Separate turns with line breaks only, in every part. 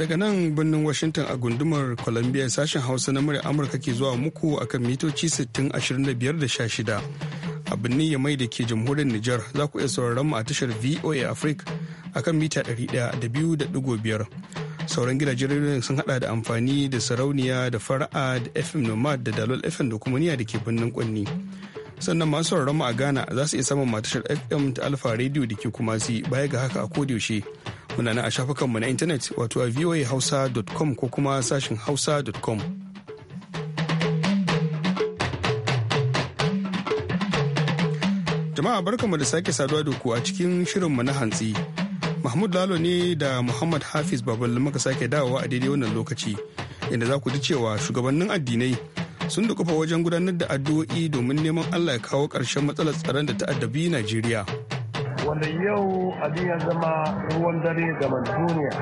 daga nan birnin Washington a gundumar Columbia sashen Hausa na murya Amurka ke zuwa muku akan mitoci sittin da A birnin mai da ke jamhuriyar niger za ku iya sauraron mu a tashar VOA Africa akan mita 100.5. Sauran gidajen rediyon sun hada da amfani da sarauniya da fara'a da FM Nomad da Dalol FM da kuma niya da ke birnin Kwanni. sannan masu sauraron mu a Ghana za su iya samun matashar FM ta Alfa Radio da ke kuma baya ga haka a kodiyaushe muna nan a shafukanmu na intanet wato a voahausa.com ko kuma sashin hausa.com. Jama'a barkanmu da sake saduwa da ku a cikin shirinmu na hantsi. Mahmud Lalo ne da Muhammad Hafiz Babal maka sake dawowa a daidai wannan lokaci, inda za ku ji cewa shugabannin addinai sun dukufa wajen gudanar da addu'o'i domin neman Allah ya kawo ƙarshen matsalar tsaron da ta addabi Najeriya.
wanda yau abin ya zama ruwan dare ga duniya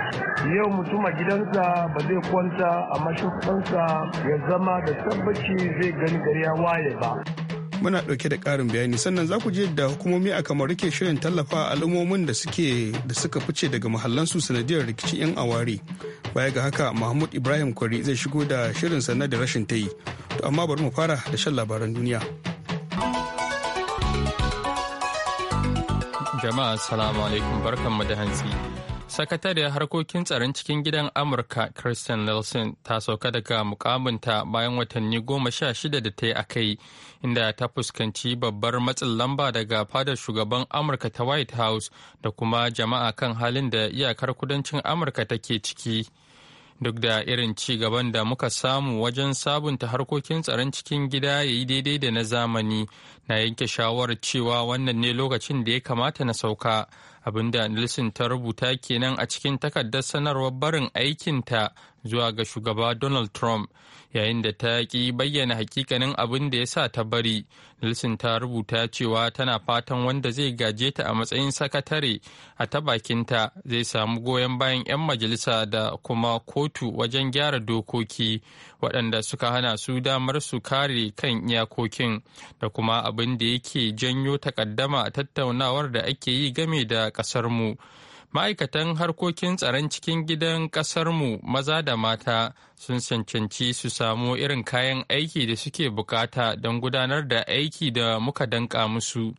yau mutum a gidansa ba zai kwanta a mashufansa ya zama da tabbaci zai gani gari ya waye ba
muna dauke da ƙarin bayani sannan za ku je da hukumomi a kamar rike shirin tallafa al'ummomin da suke da suka fice daga mahallansu sanadiyar rikicin 'yan aware baya ga haka mahmud ibrahim kwari zai shigo da shirin na da rashin ta yi to amma bari mu fara da shan labaran duniya.
Jama'a salamu alaikum barkanmu da hantsi. Sakatariyar harkokin tsaron cikin gidan Amurka christian Nelson ta sauka daga mukaminta bayan watanni goma sha shida da ta yi a kai inda ta fuskanci babbar matsin lamba daga fadar shugaban Amurka ta White House da kuma jama'a kan halin da iyakar kudancin Amurka take ciki. duk da irin ci gaban da muka samu wajen sabunta harkokin tsaron cikin gida ya yi daidai da na zamani na yanke shawarar cewa wannan ne lokacin da ya kamata na sauka abinda nelson ta rubuta kenan a cikin takardar sanarwar barin aikinta zuwa ga shugaba donald trump yayin da ta ƙi bayyana hakikanin abin da ya sa ta bari nelson ta rubuta cewa tana fatan wanda zai gaje ta a matsayin sakatare a ta bakinta zai samu goyon bayan 'yan majalisa da kuma kotu wajen gyara dokoki waɗanda suka hana su damar su kare kan iyakokin da kuma abin da yake janyo takaddama a tattaunawar da ake yi game da ƙasarmu. mu ma'aikatan harkokin tsaron cikin gidan ƙasarmu maza da mata sun cancanci su samu irin kayan aiki da suke bukata don gudanar da aiki da muka danka musu.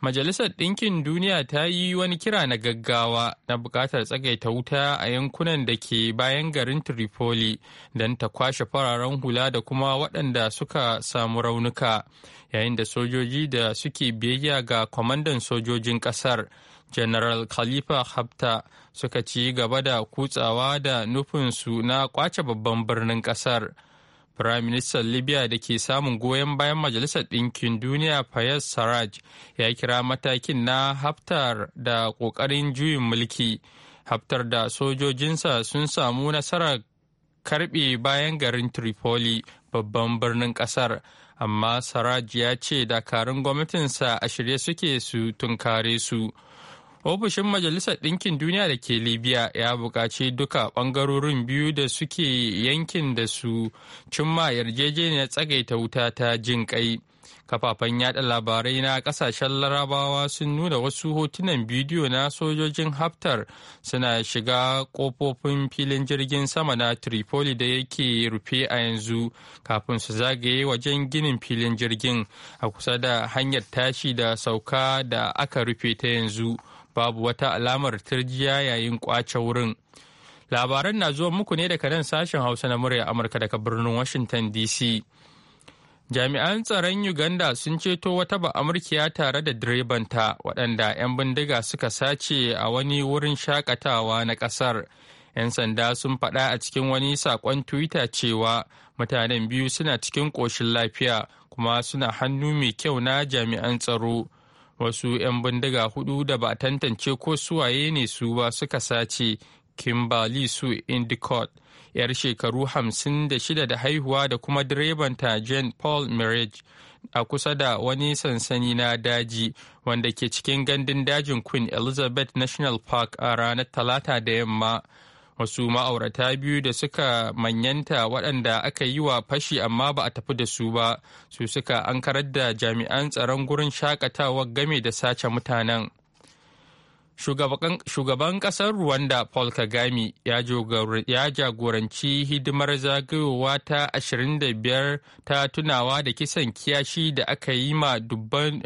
Majalisar Ɗinkin Duniya ta yi wani kira na gaggawa na buƙatar tsagaita wuta a yankunan da ke bayan garin Tripoli don ta kwashe fararen hula da kuma waɗanda suka samu raunuka, yayin da sojoji da suke biyayya ga kwamandan sojojin ƙasar. general khalifa hafta suka ci gaba da kutsawa da nufinsu na kwace babban birnin kasar firaministan libya da ke samun goyon bayan majalisar ɗinkin duniya fayez saraj ya kira matakin na haftar da ƙoƙarin juyin mulki haftar da sojojinsa sun samu nasarar karɓe bayan garin tripoli babban birnin ƙasar amma saraj ya ce dakarun gwamnatinsa a shirye suke su tunkare su. ofishin majalisar ɗinkin duniya da ke libya ya buƙaci duka ɓangarorin biyu da suke yankin da su cimma yarjejeniyar tsagaita wuta ta jin kai kafafen yaɗa labarai na ƙasashen larabawa sun nuna wasu hotunan bidiyo na sojojin haftar suna shiga ƙofofin filin jirgin sama na tripoli da yake rufe a yanzu kafin su zagaye wajen ginin filin jirgin a kusa da hanyar tashi da sauka da aka rufe ta yanzu babu wata alamar turjiya yayin kwace wurin. Labaran na zuwa muku ne daga nan sashen Hausa na murya Amurka daga birnin Washington DC. Jami'an tsaron Uganda sun ceto wata ba'amurkiya tare da direbanta waɗanda 'yan bindiga suka sace a wani wurin shakatawa na ƙasar. 'Yan sanda sun faɗa a cikin wani saƙon Twitter cewa mutanen biyu suna cikin ƙoshin lafiya kuma suna hannu mai kyau na jami'an tsaro. wasu 'yan bindiga hudu da ba tantance ko suwaye ne su ba suka sace kimberly su indicott yar shekaru hamsin da shida da haihuwa da kuma direbanta jean paul marriage a kusa da wani sansani na daji wanda ke cikin gandun dajin queen elizabeth national park a ranar talata da yamma wasu ma'aurata biyu da suka manyanta waɗanda aka yi wa fashi amma ba a tafi da su ba su suka ankarar da jami'an tsaron gurin shakatawa game da sace mutanen Shugaban ƙasar Rwanda Paul Kagame ya jagoranci hidimar zagayowa ta 25 ta tunawa da kisan kiyashi da aka yi ma dubban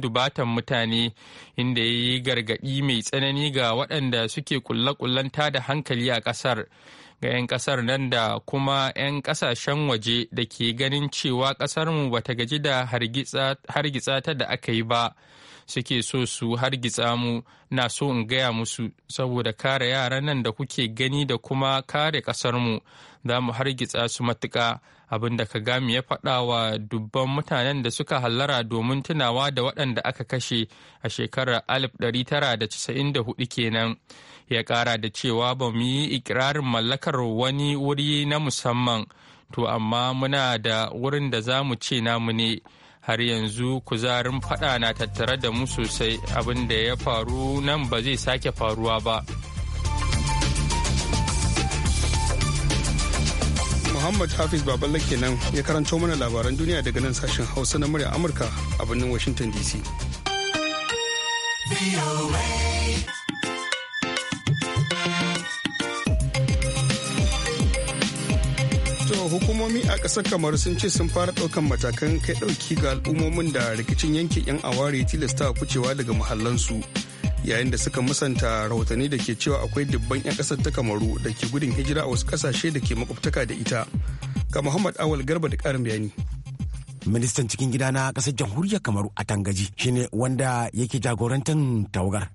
dubatan mutane inda ya yi gargaɗi mai tsanani ga waɗanda suke kulle-kullen da hankali a ƙasar. ga 'yan kasar nan da kuma 'yan ƙasashen waje da ke ganin cewa kasarmu ta gaji da hargitsa ta da aka yi ba suke so su hargitsa mu na so in gaya musu saboda kare yaran nan da kuke gani da kuma kare ƙasarmu za mu hargitsa su matuka abin da ka kagame ya faɗa wa dubban mutanen da suka hallara domin tunawa da waɗanda aka kashe a shekarar 1994 kenan ya ƙara da cewa ba mu yi ikirarin mallakar wani wuri na musamman to amma muna da wurin da za mu ce namu ne har yanzu kuzarin fada na tattare da mu sosai abin da ya faru nan ba zai sake faruwa ba
muhammad hafiz baballa kenan ya karanto mana labaran duniya daga nan sashen hausa na murya amurka a birnin washington dc hukumomi a ƙasar kamar sun ce sun fara ɗaukan matakan kai ɗauki ga al'ummomin da rikicin yankin 'yan aware tilasta kucewa daga muhallansu yayin da suka musanta rahotanni da ke cewa akwai dubban 'yan ƙasar ta kamaru da ke gudun hijira a wasu ƙasashe da ke makwabtaka da ita
ga muhammad awal garba da ƙarin bayani ministan cikin gida na kasar jamhuriyar kamaru a tangaji shine wanda yake jagorantar tawagar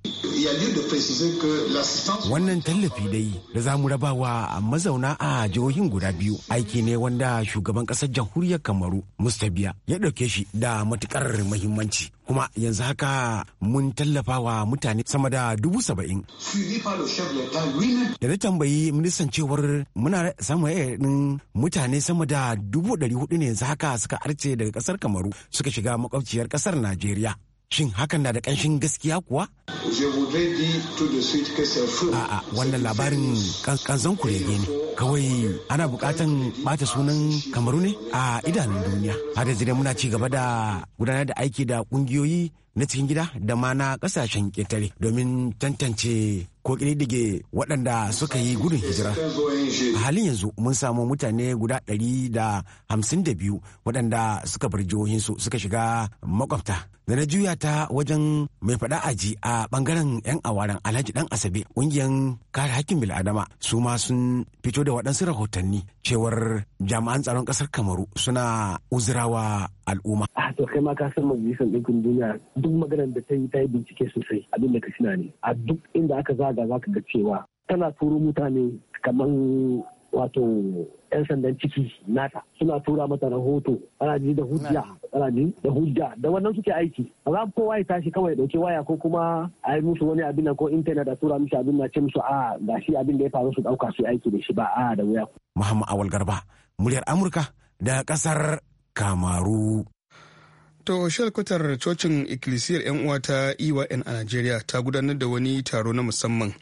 Wannan tallafi dai da za mu rabawa a mazauna a jihohin guda biyu aiki ne wanda shugaban ƙasar jamhuriyar Kamaru Mustabiya ya ɗauke shi da matukar muhimmanci. Kuma yanzu haka mun tallafa wa mutane sama da dubu saba'in. Da na tambayi ministan cewar muna samun yayin mutane sama da dubu ɗari hudu ne yanzu haka suka arce daga ƙasar Kamaru suka shiga makwabciyar ƙasar Najeriya. Shin hakan na da ƙanshin gaskiya kuwa? A'a, wannan labarin kanzon kurege ne. kawai ana bukatan bata sunan kamaru ne a idanun duniya har yanzu dai muna ci gaba da gudanar da aiki da kungiyoyi na cikin gida da ma na kasashen ƙetare domin tantance ko waɗanda suka yi gudun hijira a halin yanzu mun samu mutane guda ɗari da hamsin da biyu waɗanda suka bar jihohinsu suka shiga makwabta da na juya ta wajen mai faɗa aji a ɓangaren 'yan awaren alhaji Dan asabe ƙungiyar kare hakkin bil'adama su ma sun fito fito da waɗansu rahotanni cewar jami'an tsaron ƙasar kamaru suna uzurawa al'umma. a ah, to kai ma ka san majalisar ɗinkin duniya duk maganar da ta yi ta yi bincike sosai abin da ka shina ne a duk inda aka zaga za ka ga cewa tana turo mutane kamar wato 'yan sandan ciki nata suna tura mata rahoto ana ji da hujja ana ji da hujja da wannan suke aiki ba za kowa ya tashi kawai dauke waya ko kuma a yi musu wani abin ko intanet a tura musu abin na ce musu a ga shi abin da ya faru su dauka su aiki da shi ba a da wuya. Muhammad Awal Garba muryar Amurka da kasar Kamaru. To shalkutar
cocin ikkilisiyar 'yan uwa ta EYN a Najeriya ta gudanar da wani taro na musamman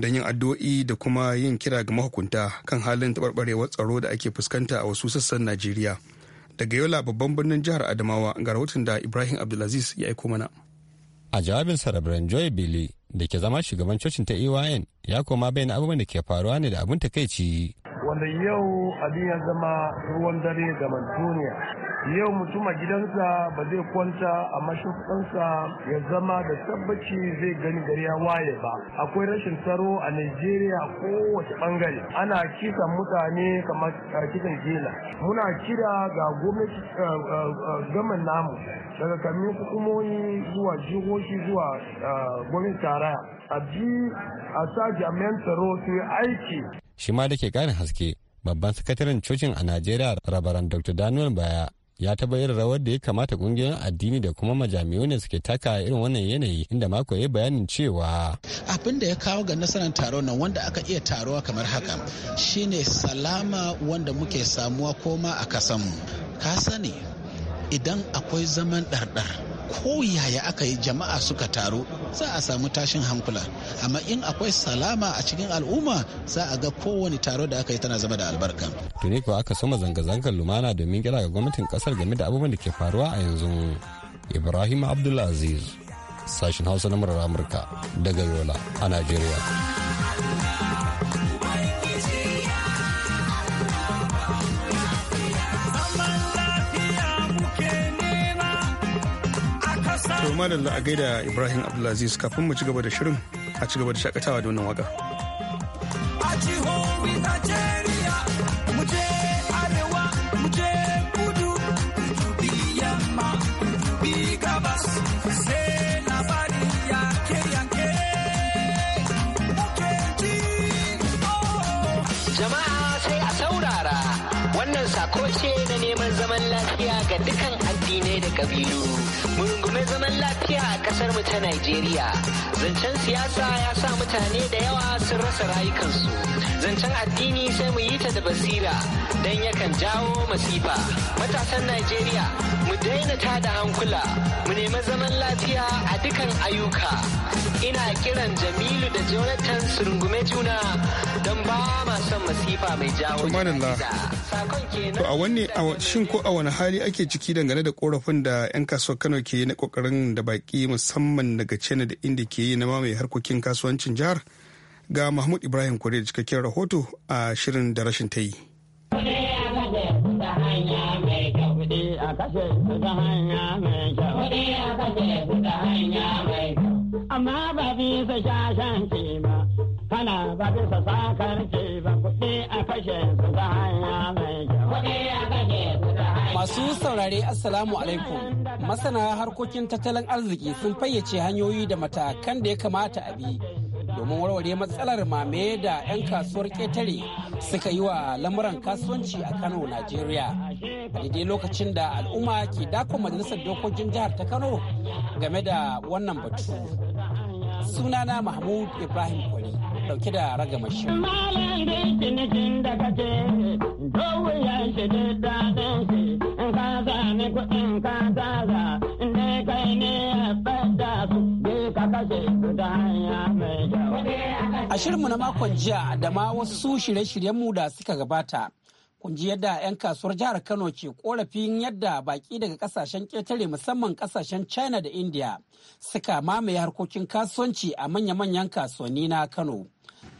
don yin addu'o'i da kuma yin kira ga mahukunta kan halin taɓarɓarewar tsaro da ake fuskanta a wasu sassan najeriya daga yola babban birnin jihar adamawa ga rahoton da ibrahim abdulaziz ya aiko mana a jawabin sarabren joy bili da ke zama shugaban cocin ta ayn ya koma bayan abubuwan da ke faruwa ne da abin takaici
wanda yau abin ya zama ruwan dare ga duniya yau mutum a gidansa ba zai kwanta a mashafansa ya zama da tabbaci zai gani gari ya waye ba akwai rashin tsaro a Najeriya kowace bangare ana kisan mutane kamar kisan
jela muna kira ga gwamnati eh, eh, eh, gaman namu daga kamin hukumomi zuwa jihohi zuwa gwamnati tarayya. a bi a
sa
jami'an tsaro su yi aiki
shi ma da ke ƙarin haske babban sakataren cocin a
najeriya rabaran dr daniel baya ya ta bayyana rawar da ya kamata kungiyoyin addini da kuma majami'u
ne suke taka irin wannan yanayi inda mako ya bayanin cewa abin da ya kawo ga nasarar taron nan wanda aka iya taruwa kamar haka shine salama wanda muke samuwa koma a kasanmu ka sani idan akwai zaman ɗarɗar ko yaya aka yi jama'a suka taru za a samu tashin hankula amma in akwai salama a cikin al'umma za a ga kowane taro da aka yi tana zama da albarka
tuni ko aka soma zanga-zangar lumana domin kira ga gwamnatin kasar game da abubuwan da ke faruwa a yanzu ibrahim abdulaziz sashen hausa na murar amurka daga yola a nigeria. madalla a gaida Ibrahim Abdulaziz kafin mu ci gaba da shirin a ci gaba da shakatawa da wannan waka.
Jama'a sai a saurara wannan
sako ce na neman zaman lafiya ga dukan addinai da kabilu. Mun kuma zaman lafiya a kasar mu ta Najeriya. Zancen siyasa ya sa mutane da yawa
sun rasa rayukansu. Zancen addini sai mu yi ta da basira don yakan jawo masifa. Matasan Najeriya mu daina ta da hankula mu nemi zaman lafiya a dukan ayyuka. Ina kiran Jamilu da Jonathan su rungume juna don ba ma son masifa mai jawo. To
a wani shin ko a wani hali ake ciki dangane da korafin da 'yan kasuwar Kano ke na kokarin da baki musamman daga china da inda ke yi na mamaye harkokin kasuwancin jihar ga mahmud ibrahim kure da cikakken rahoto a shirin da rashin ta yi
amma ba bisa shashan ba kana ba bisa sakar ke ba kuɗi a kashe su ta hanya mai kyau
kuɗi a kashe su ta
Masu saurare Assalamu alaikum. Masana harkokin tattalin arziki sun fayyace hanyoyi da matakan da ya kamata a bi domin warware matsalar mame da 'yan kasuwar ƙetare suka yi wa lamuran kasuwanci a Kano, Najeriya. A daidai lokacin da al'umma ke dakon majalisar dokokin jihar ta Kano game da wannan batu. Sunana Mahmud Ibrahim Kwari. dauke da ragamar shi. Malam da A shirinmu na makon jiya da ma wasu shirye-shiryenmu da suka gabata, kun ji yadda 'yan kasuwar jihar Kano ke korafin yadda baki daga kasashen ketare musamman kasashen China da India suka mamaye harkokin kasuwanci a manya-manyan kasuwanni na Kano.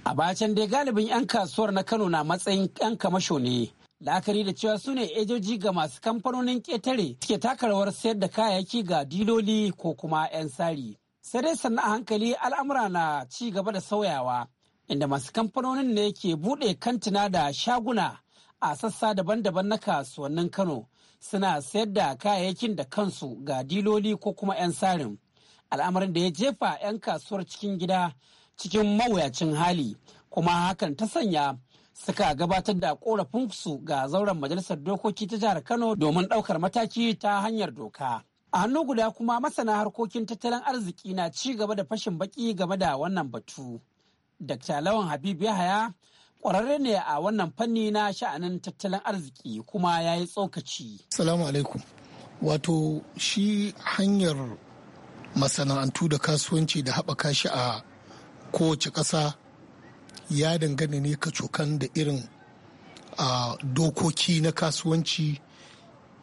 A bacin dai galibin 'yan kasuwar na Kano na matsayin 'yan kamasho ne. La'akari da cewa su ne ejoji ga masu kamfanonin ketare suke taka sayar da kayayyaki ga diloli ko kuma 'yan sari. sai dai sannan a hankali al'amura na ci gaba da sauyawa inda masu kamfanonin ne ke buɗe kantina da shaguna a sassa daban-daban na kasuwannin kano suna sayar da kayayyakin da kansu ga diloli ko kuma 'yan sarin al'amarin da ya jefa 'yan kasuwar cikin gida cikin mawuyacin hali kuma hakan ta sanya suka gabatar da korafinsu ga zauren majalisar dokoki ta jihar kano domin ɗaukar mataki ta hanyar doka A hannu guda kuma masana harkokin tattalin arziki na ci gaba da fashin baki game da wannan batu. Dr. Lawan Habib Yahaya ƙwararre ne a wannan fanni na sha'anin tattalin arziki kuma ya yi tsokaci.
Salamu alaikum. Wato shi hanyar masana'antu da kasuwanci da haɓaka shi a kowace ƙasa ya dangane ne kacokan da irin a dokoki na kasuwanci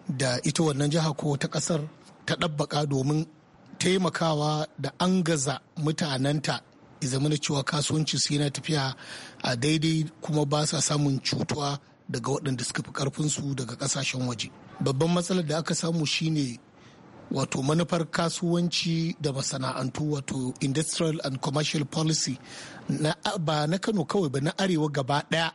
da ita wannan jiha ko ta ƙasar ta ɗabbaka domin taimakawa da an gaza mutanenta izamina cewa kasuwanci su yana tafiya a daidai kuma ba sa samun cutuwa daga waɗanda suka fi ƙarfinsu daga ƙasashen waje babban matsalar da aka samu shine wato manufar kasuwanci da masana'antu wato industrial and commercial policy na, ba na kano kawai ba na arewa gaba ɗaya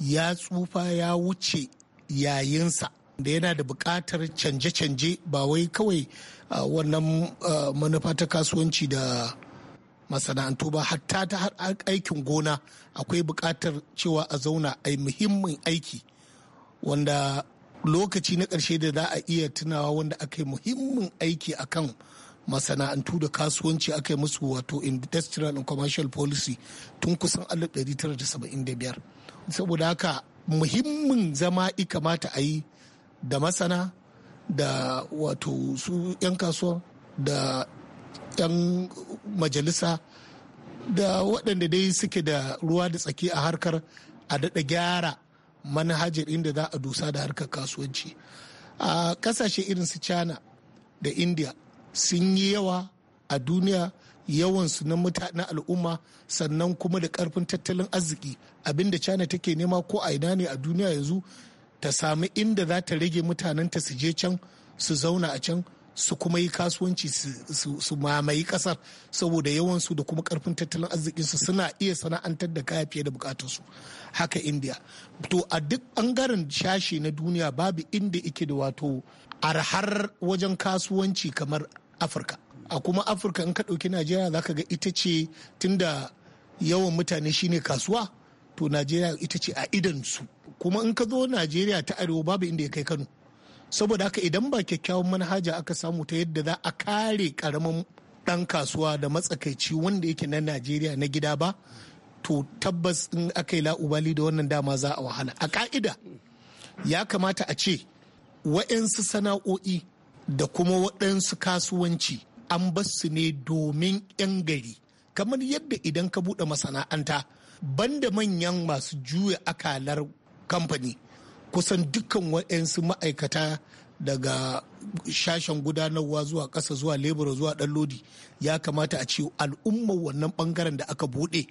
ya tsufa ya wuce yayinsa da yana da buƙatar canje-canje ba wai kawai wannan manufa ta kasuwanci da masana'antu ba hatta ta aikin gona akwai buƙatar cewa a zauna a muhimmin aiki wanda lokaci na ƙarshe da za a iya tunawa wanda aka yi muhimmin aiki a kan masana'antu da kasuwanci aka yi musu wato industrial and commercial policy tun kusan 1975 saboda haka muhimmin zama i kamata a yi da masana da wato su 'yan kasuwa da 'yan majalisa da waɗanda dai suke da ruwa da tsaki a harkar a daɗa gyara manhajar inda za a dusa da harkar kasuwanci a ƙasashe irin su china da india sun yi yawa a duniya yawansu na mutanen al'umma sannan kuma da ƙarfin tattalin arziki abinda china take nema ko a ina ne a duniya yanzu ta samu inda za ta rage mutanenta su je can su zauna a can su kuma yi kasuwanci su mamayi kasar saboda yawansu da kuma karfin tattalin arzikinsu suna iya sana'antar da kaya fiye da bukatarsu haka india to a duk bangaren shashi na duniya babu inda ike da wato arhar wajen kasuwanci kamar afirka a kuma afirka in ka ɗauki najeriya za ka ga ita ce tunda yawan mutane shine kasuwa to najeriya ita ce a idan su kuma in ka zo najeriya ta arewa babu inda ya kai kano saboda haka idan ba kyakkyawan manhaja aka samu ta yadda za a kare karamin dan kasuwa da matsakaici wanda yake na najeriya na gida ba to tabbas in aka yi la'ubali da wannan dama za a wahala a ka'ida ya kamata a ce wa'yansu sana'o'i da kuma waɗansu kasuwanci an basu ne domin 'yan gari kamar yadda idan ka buɗe masana'anta banda manyan masu juya akalar kamfani kusan dukkan waɗansu ma'aikata daga shashen gudanarwa zuwa ƙasa zuwa lebura zuwa ɗan lodi ya kamata a ce al'ummar wannan ɓangaren da aka buɗe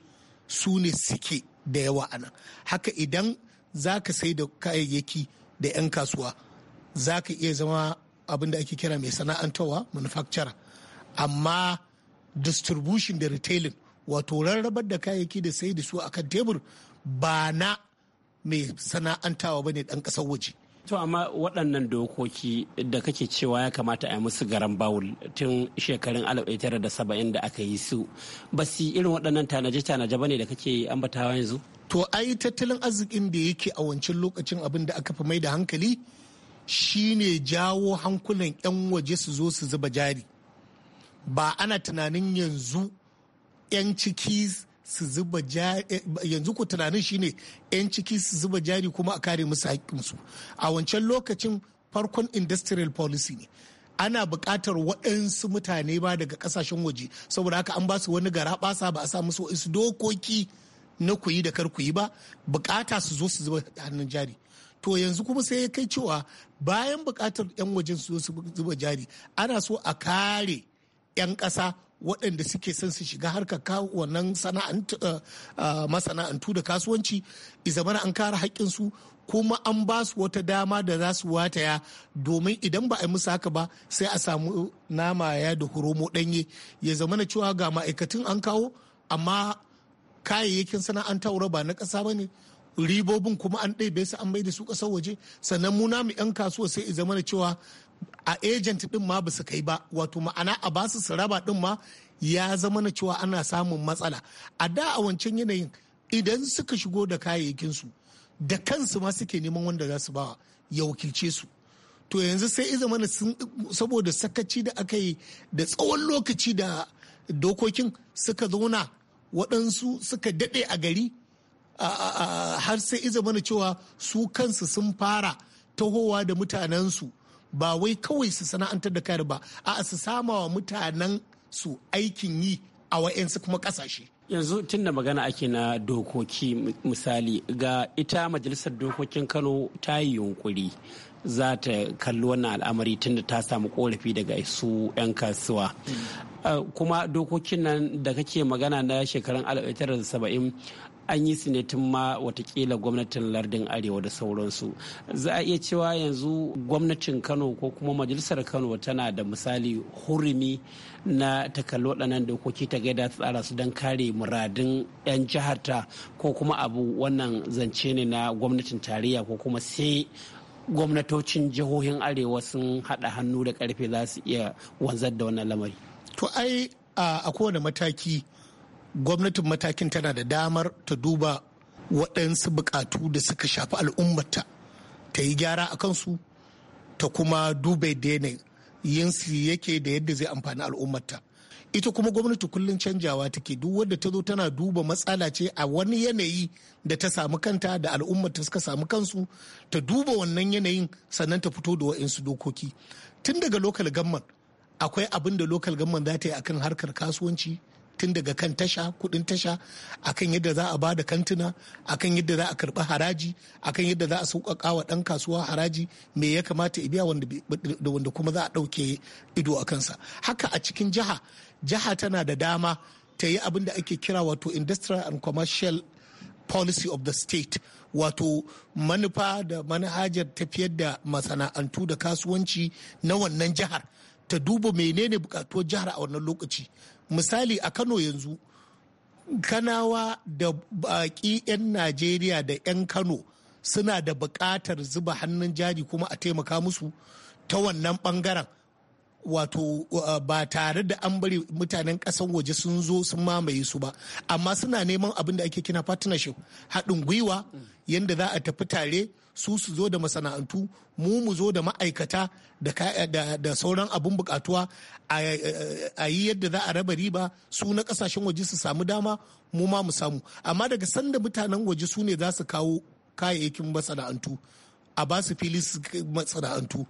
su ne suke da yawa a nan haka idan za ka sai da kayayyaki da 'yan kasuwa za ka iya zama abin da ake kira mai sana'antarwa manufacturer amma distribution da retailing wato rarrabar da kayayyaki da sai da su akan tebur ba na mai sana'antawa ba ne ɗan ƙasar waje.
To amma waɗannan dokoki da kake cewa ya kamata a yi musu garan bawul tun shekarun 1970 da aka yi su ba su irin waɗannan tanaje-tanaje ba ne
da kake ambatawa yanzu? To ai tattalin arzikin da yake a wancan lokacin abin da aka fi mai da hankali shine jawo hankulan 'yan waje su zo su zuba jari. Ba ana tunanin yanzu 'yan ciki su zuba jari eh, yanzu ku tunanin shine 'yan ciki su zuba jari kuma a kare musu haƙƙinsu a wancan lokacin farkon industrial policy ne ana buƙatar waɗansu mutane ba daga ƙasashen waje saboda haka an ba su wani gara ɓasa ba a sa musu wasu dokoki na kuyi da kar kuyi ba buƙata su zo su zuba hannun jari to yanzu kuma sai ya kai cewa bayan buƙatar 'yan wajen su zo su zuba jari ana so a kare 'yan ƙasa waɗanda suke son su shiga harkar wannan eh, eh, masana'antu da kasuwanci izamana an kare haƙƙinsu kuma an ba su wata dama da za su wataya domin idan ba a yi musu haka ba sai a samu nama ya da horomo ɗanye ya zama na cewa ga ma'aikatun an kawo amma kayayyakin sana'antar ba na ƙasa ba ne ribobin kuma an bai su an bai da su ƙasar waje sannan mu namu 'yan kasuwa sai i zama cewa a agent din ma ba su kai ba wato ma'ana a ba su raba din ma ya zama na cewa ana samun matsala a da a wancan yanayin idan suka shigo da kayayyakin su da kansu ma suke neman wanda za su ba ya wakilce su to yanzu sai iza mana saboda sakaci da aka yi da tsawon lokaci da dokokin suka zauna waɗansu suka daɗe a gari har sai iza mana cewa su kansu sun fara tahowa da mutanensu ba wai kawai su sana'antar da kayar ba a su sama wa mutanen su aikin yi a wa'yansu kuma kasashe
yanzu tun da magana ake na dokoki misali ga ita majalisar dokokin kano ta yi yunkuri za ta kalli wannan al'amari tun da ta samu korafi daga su 'yan kasuwa mm. eh, kuma dokokin nan da kake magana na shekarun 1970 an yi su ne tun ma watakila gwamnatin lardin arewa da sauransu za a iya cewa yanzu gwamnatin kano ko kuma majalisar kano tana da misali hurumi na takalli waɗannan dokoki ta gaida tsara su don kare muradun 'yan jiharta ko kuma abu wannan zance ne na gwamnatin tarayya ko kuma sai gwamnatocin jihohin arewa sun haɗa hannu da karfe za su iya wanzar da wannan
lamari to ai a kowane mataki gwamnatin matakin tana da damar ta duba waɗansu buƙatu da suka shafi al'ummata ta yi gyara a kansu ta kuma duba yadda su yake da yadda zai amfani al'ummata ita kuma gwamnati kullum canjawa take duk wadda ta zo tana duba matsala ce a wani yanayi da ta samu kanta da al'ummata suka samu kansu ta duba wannan yanayin sannan ta fito da wa'insu dokoki tun daga lokal gamman akwai abin da lokal gamman za ta yi akan harkar kasuwanci tun daga kan tasha kudin tasha akan yadda za a ba da kantuna akan yadda za a karbi haraji akan yadda za a sauƙaƙa wa ɗan kasuwa haraji me ya kamata biya wanda kuma za a ɗauke ido a kansa haka a cikin jiha jiha tana da dama ta yi abin da ake kira wato industrial and commercial policy of the state wato manufa da manhajar tafiyar da masana'antu da kasuwanci na wannan jihar ta duba menene bukatuwar jihar a wannan lokaci misali a kano yanzu kanawa da baki 'yan najeriya da 'yan kano suna da buƙatar zuba hannun jari kuma a taimaka musu ta wannan bangaren. wato uh, ba tare da an bari mutanen kasan waje sun zo sun mamaye su ba amma suna neman abin da ake kina partnership haɗin gwiwa yadda za a tafi tare su su zo da masana'antu mu mu zo da ma'aikata da sauran abun bukatuwa a yi yadda za a raba riba su na kasashen waje su samu dama mu ma mu samu amma daga sanda mutanen waje su ne za su kawo kayayyakin masana'antu a ba su fili masana'antu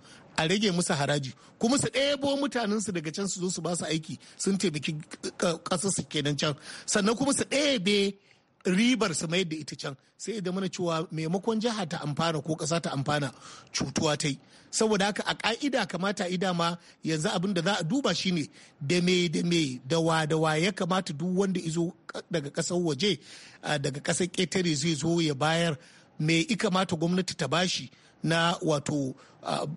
a rage musu haraji kuma su ɗebo mutanen su daga can su zo su ba su aiki sun taimaki ƙasar su kenan can sannan kuma su ɗebe ribar su mai da ita can sai da mana cewa maimakon jiha ta amfana ko ƙasa ta amfana cutuwa ta yi saboda haka a ƙa'ida kamata ida ma yanzu abin da za a duba shine da me da me da wa da wa ya kamata duk wanda izo daga ƙasar waje daga ƙasar ƙetare zai zo ya bayar me ikamata gwamnati ta bashi na wato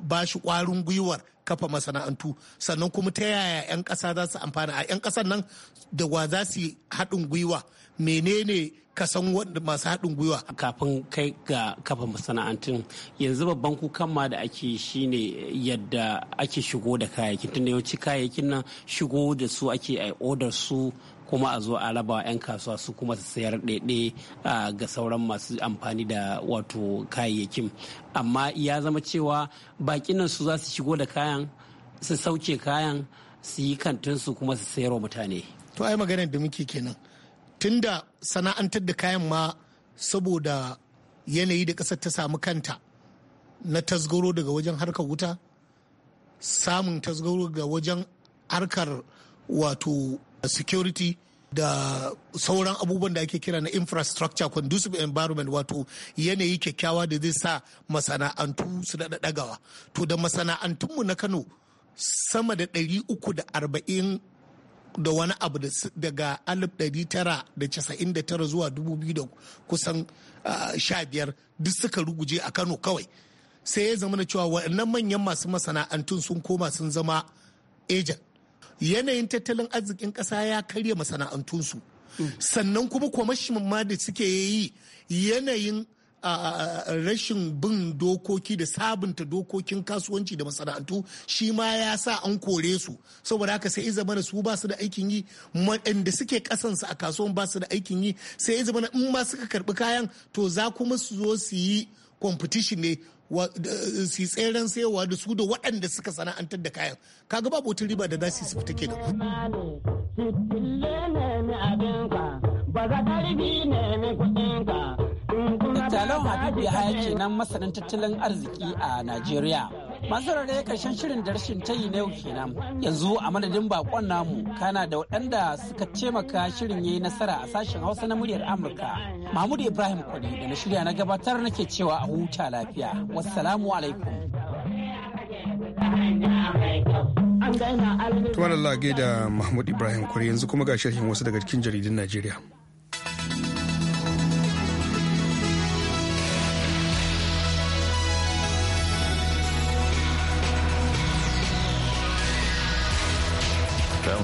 ba shi kwarin gwiwar kafa masana'antu sannan kuma ta yaya 'yan kasa za su amfana a 'yan kasan nan da wa za su haɗin gwiwa menene ka san masu haɗin gwiwa. Kafin kai ga kafa masana'antun yanzu babban
kukan ma da ake shi ne yadda ake shigo da kayayyakin tunda yawanci kayayyakin nan shigo da su ake a odar su kuma a zo a raba 'yan kasuwa su kuma su sayar ɗaiɗe ga sauran masu amfani da wato kayayyakin amma ya zama cewa baƙin nan su za su shigo da kayan su sauke kayan su yi kantinsu kuma su sayar wa mutane to ai maganar
da muke kenan tunda sana'antar da kayan ma saboda yanayi da ƙasar ta samu kanta na tasgaro daga wajen harkar wuta samun tasgaro daga wajen harkar wato security da sauran abubuwan da ake kira na infrastructure conducive environment wato yanayi kyakkyawa da zai sa masana'antu su da ɗagawa to da masana'antunmu na kano sama da 340 da wani abu daga 1999 zuwa 2000 kusan 15 duk suka ruguje a kano kawai sai ya zama da cewa waɗannan manyan masu masana'antun sun koma sun zama agent yanayin tattalin arzikin kasa ya karya masana'antunsu mm. sannan kuma kwamashin ma da suke yi yanayin rashin bin dokoki da sabunta dokokin kasuwanci da masana'antu shi ma ya sa an kore su saboda haka sai zama da su ba su da aikin yi waɗanda suke kasansu a kasuwan ba su da aikin yi sai zama in ma suka karbi kayan to za kuma su zo su yi competition ne su tseren sayarwa da su da waɗanda suka sana'antar da kayan kaga babu wata riba da za su fita
kuma. Talon Habibu ya haya kenan masanin tattalin arziki a Najeriya. masu ya karshen shirin da rashin yi na yau kenan yanzu a madadin bakon namu kana da waɗanda suka taimaka shirin yayi nasara a sashen hausa na muryar amurka mahmud ibrahim kwadi da na shirya na gabatar nake cewa a huta lafiya wassalamu alaikum Tuwa
da Mahmud Ibrahim Kwari yanzu kuma ga sharhin wasu daga cikin jaridun Najeriya.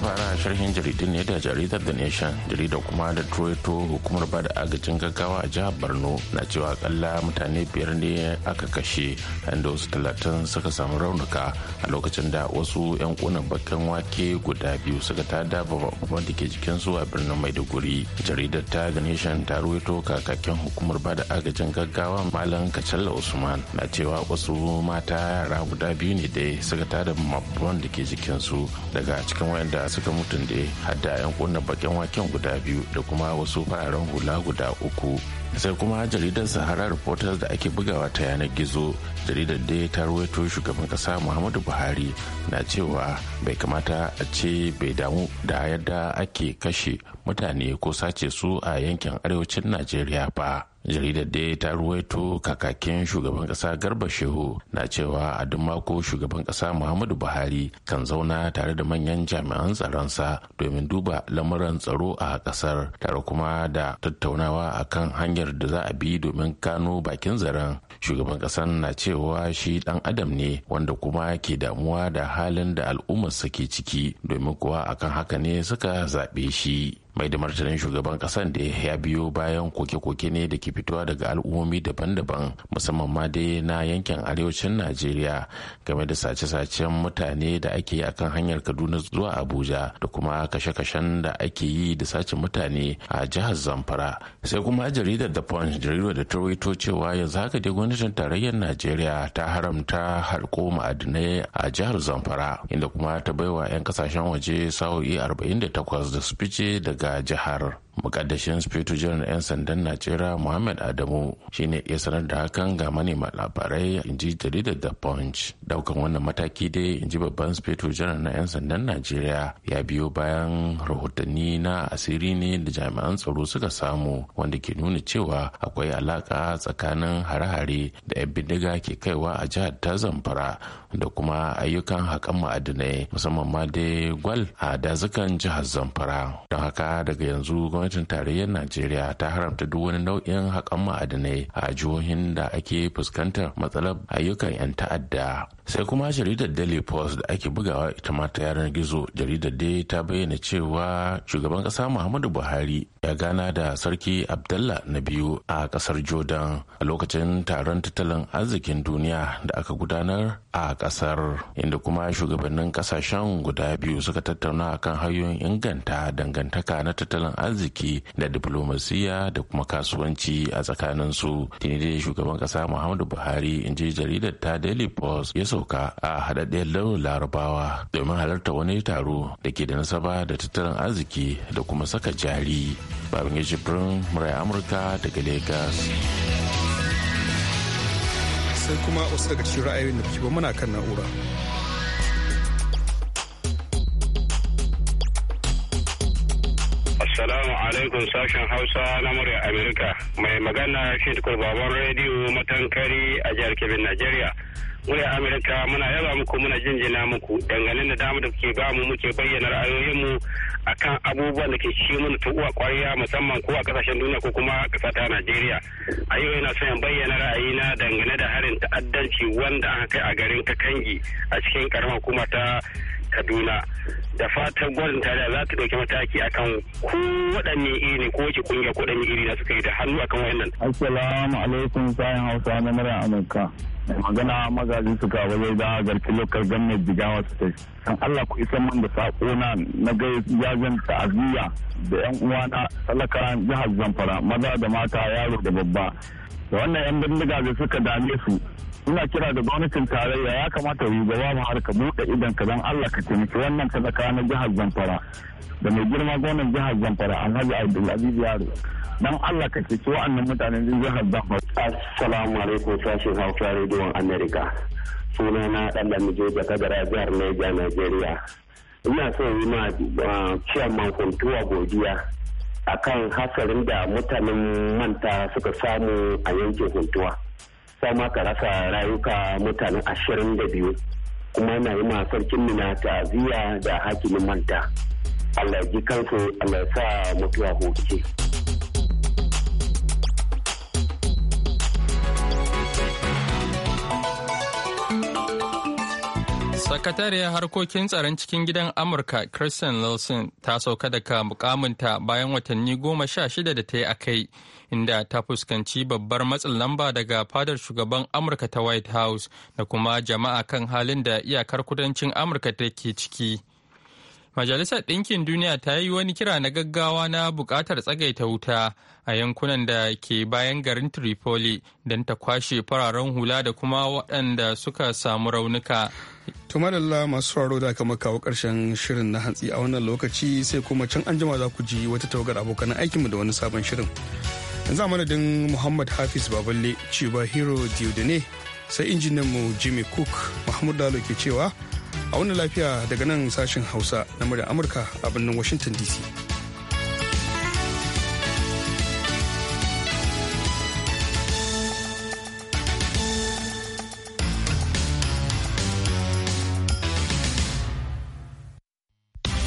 para sharhin jaridun ne da jaridar da nation jaridar kuma da troito hukumar ba da agajin gaggawa a jihar borno na cewa akalla mutane biyar ne aka kashe inda wasu talatin suka samu raunuka a lokacin da wasu 'yan kunan bakin wake guda biyu suka tada babban da ke jikinsu a birnin maiduguri jaridar ta da nation ta ruwaito kakakin hukumar ba da agajin gaggawa malam kacalla usman na cewa wasu mata yara guda biyu ne dai suka da babban da ke jikinsu daga cikin wayanda suka mutu rahoton da hadda 'yan kunna bakin waken guda biyu da kuma wasu fararen hula guda uku sai kuma jaridar sahara reporters da ake bugawa ta yanar gizo jaridar da ta ruwaito shugaban kasa muhammadu buhari na cewa bai kamata a ce bai damu da yadda ake kashe mutane ko sace su a yankin arewacin najeriya ba jaridar da ta ruwaito kakakin shugaban kasa garba shehu na cewa a duk mako shugaban kasa muhammadu buhari kan zauna tare da manyan jami'an tsaronsa domin duba lamuran tsaro a kasar tare kuma da tattaunawa akan hanyar da za a bi domin kano bakin zaren shugaban kasan na cewa shi dan adam ne wanda kuma ke damuwa da halin da al'ummarsa ke ciki domin kuwa akan haka ne suka zaɓe shi mai da martanin shugaban kasan da ya biyo bayan koke-koke ne da ke fitowa daga al'ummomi daban-daban musamman ma dai na yankin arewacin najeriya game da sace-sacen mutane da ake yi akan hanyar kaduna zuwa abuja da kuma kashe-kashen da ake yi da sace mutane a jihar zamfara sai kuma jaridar da punch jaridar da ta cewa yanzu haka dai gwamnatin tarayyar najeriya ta haramta harko ma'adinai a jihar zamfara inda kuma ta baiwa 'yan kasashen waje sa'o'i 48 da su fice daga ga jihar mukaddashin spiritu jiran 'yan sandan najeriya muhammad adamu shine iya sanar da hakan ga manema labarai in ji jaridar da punch daukan wannan mataki dai in ji babban spiritu jiran na 'yan sandan najeriya ya biyo bayan rahotanni na asiri ne da jami'an tsaro suka samu wanda ke nuna cewa akwai alaka tsakanin hare-hare da 'yan bindiga ke kaiwa a jihar ta zamfara da kuma ayyukan haƙan ma'adinai musamman ma dai gwal a dazukan jihar zamfara don haka daga yanzu gwamnati gwamnatin tarayyar najeriya ta haramta duk wani nau'in haƙan ma'adinai a jihohin da ake fuskantar matsalar ayyukan 'yan ta'adda sai kuma jaridar daily post da ake bugawa ita ma ta yaran gizo jaridar dai ta bayyana cewa shugaban ƙasa muhammadu buhari ya gana da sarki abdullah na biyu a ƙasar jordan a lokacin taron tattalin arzikin duniya da aka gudanar a ƙasar. inda kuma shugabannin ƙasashen guda biyu suka tattauna akan hanyoyin inganta dangantaka na tattalin arziki harkoki da diplomasiya da kuma kasuwanci a tsakanin su dai shugaban kasa muhammadu buhari in ji jaridar ta daily post ya sauka a haɗaɗɗiyar launin larabawa domin halarta wani taro da ke da nasaba da tattalin arziki da kuma saka jari babin ya murai amurka daga lagos
sai kuma wasu daga cikin ra'ayoyin da ke muna kan na'ura
Assalamu alaikum sashen Hausa na murya Amerika. Mai magana shi baban rediyo matankari a jihar Kebbi, Najeriya. Murya Amerika muna yaba muku muna jinjina muku dangane da damu da kuke bamu muke bayyana ra'ayoyinmu kan abubuwan da ke ci mana tuwa kwariya musamman ko a kasashen duniya ko kuma kasa ta Najeriya. A yau yana son bayyana ra'ayi na dangane da harin ta'addanci wanda aka kai a garin Kakangi a cikin karamar hukuma ta kaduna da
fatan gwamnatin tare za ta ɗauki mataki akan ko waɗanne iri ko wace kungiya ko waɗanne iri na suka yi da hannu akan wayannan.
assalamu alaikum sayan hausa na mara amurka
magana magajin suka wajen da garki lokar gannan jigawa su tafi kan allah ku isa man da sako na na ga ta'aziyya da yan uwana talaka jihar zamfara maza da mata yaro da babba da wannan yan bindiga da suka dame su ina kira da gwamnatin tarayya ya kamata shugaba mu harka buɗe idan ka don Allah ka taimaki wannan sadaka na jihar Zamfara da mai girma gwamnan jihar Zamfara Alhaji Abdulaziz Yaro dan Allah ka ceci wa'annan mutanen jihar Zamfara Assalamu alaikum sashin Hausa Radio America suna na dan Lamijo da kadara jihar Niger Nigeria ina so yi ma ah, chairman kuntuwa godiya akan hasarin da mutanen manta suka samu a yankin kuntuwa. sama ka rasa rayuka mutane ashirin da biyu kuma na yi ma sarkin mina ta'aziyya da hakimin manta Allah ji kansu Allah ya sa mutuwa hoke.
Sakatariyar harkokin tsaron cikin gidan Amurka Kristen Nelson ta sauka daga mukaminta bayan watanni goma sha shida da ta yi a kai, inda ta fuskanci babbar matsin lamba daga fadar shugaban Amurka ta White House da kuma jama'a kan halin da iyakar kudancin Amurka take ciki. Majalisar Ɗinkin Duniya ta yi wani kira na gaggawa na buƙatar tsagaita wuta a yankunan da ke bayan garin Tripoli don ta kwashe fararen hula da kuma waɗanda suka samu raunuka.
Tumadalla masu sauraro da aka kawo ƙarshen shirin na hantsi a wannan lokaci sai kuma can an jima za ku ji wata tawagar abokan aikinmu da wani sabon shirin. Yanzu a madadin Muhammad Hafiz Baballe, Ciba Hero Diodane, sai injinanmu Jimmy Cook, Mahmud Dalo ke cewa a wani lafiya daga nan sashen hausa na murya amurka a birnin washington dc